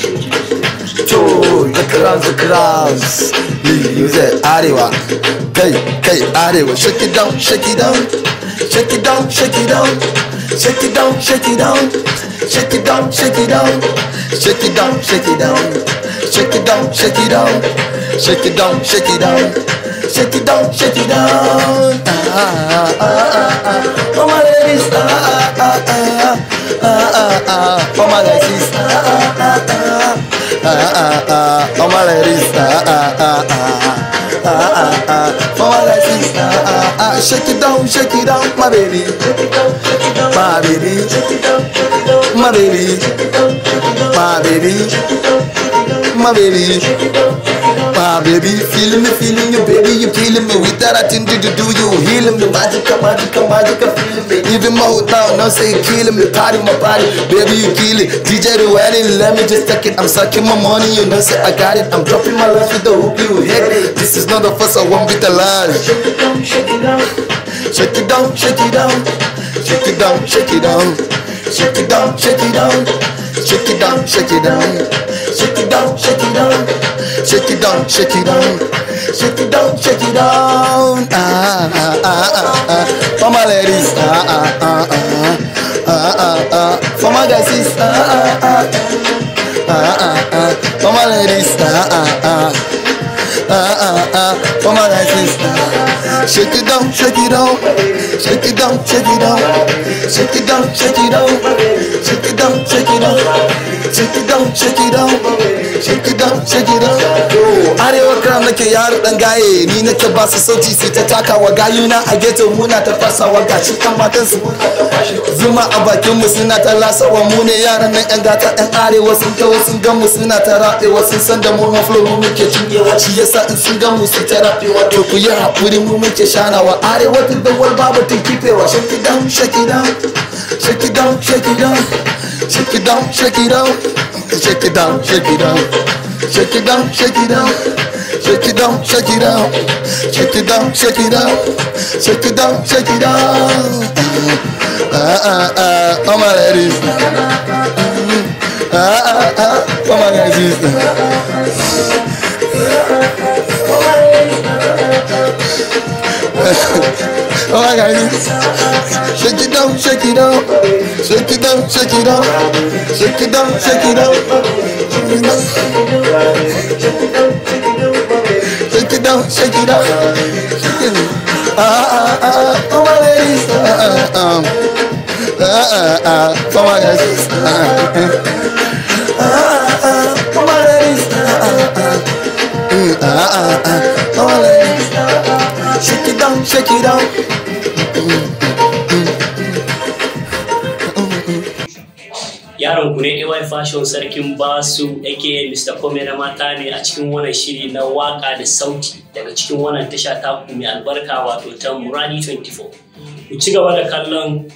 to da crowns the crowns use it arewa kai Hey, arewa shake it down shake it down shake it down shake it down shake it down shake it down shake it down shake it down shake it down shake it down shake it down shake it down shake it down shake it down shake it down shake it down ah ah ah ah oh my ladies ah ah ah ah ah ah ah oh my ladies ah ah ah ọmọ rẹ̀ rí sà ọmọ rẹ̀ shake it down shake it down my baby my baby my baby my baby my baby my baby. Feeling me, feeling you, baby. You feeling me with that attitude to do you. Healing me, magical, magical, magical feeling me. Even my hood now, now say kill me. Party my body, baby, you kill it. DJ Ruani, let me just take it. I'm sucking my money, you know, say I got it. I'm dropping my life with the hook you hit. This is not the first I want be the line. Shake it down, shake it down. Shake it down, shake it down. Shake it down, shake it down. Shake it down, shake it down. Shake it down, shake it down down, shake it down, shake it down, shake it down, shake it down, shake it down. Ah ah ah ah ah. For my ladies, ah ah ah ah ah ah ah. For my guys, ah ah ah ah ah ah. ah. For my ladies, ah ah ah ah ah ah. For my guys, shake it down, shake it down, shake it down, shake it down, shake it down, shake it down shake it down, shake it down, shake it down, shake it down, shake it down, shake it down. nake yaro dan gaye ni nake ba su sauti sai ta taka wa na a geto muna ta wa gashi kan matan su zuma a bakin mu suna ta lasawa mu ne yaran nan yan gata yan arewa sun ta sun gan mu suna ta wa sun san da mu flow mu muke cinyewa shi yasa in sun gan mu su ta wa to ku yi hakuri mu muke shanawa arewa tun da wal babu tun wa shaki dan shaki dan shaki dan shaki dan shaki dan shaki dan shaki dan shaki down shaki down shaki down Shake it down, shake it down. Shake it down, shake it down. Shake it down, shake it down. Ah ah ah, come on, ladies. Ah ah ah, come on, ladies. Come on, ladies. Shake it down, shake it down. Shake it down, shake it down. Shake it down, shake it down. Shake it down down, shake it up. Ah ah ah, for ah, ah, my um, ah, ladies. Ah ah ah, ah for my Ah Ah ah ah, ah ah, ladies. Ah ah ah, ah ah ah, Shake it down, shake it down. ku ne AY Fashion Sarkin Basu aka Mr. Kome na mata ne a cikin wannan shiri na waka da sauti daga cikin wannan tasha ta mai albarka wato ta Muradi 24. Ku ci gaba da kallon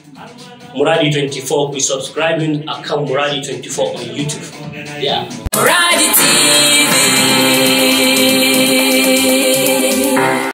Muradi 24 ku subscribing akan Muradi 24 on YouTube. Yeah. Muradi TV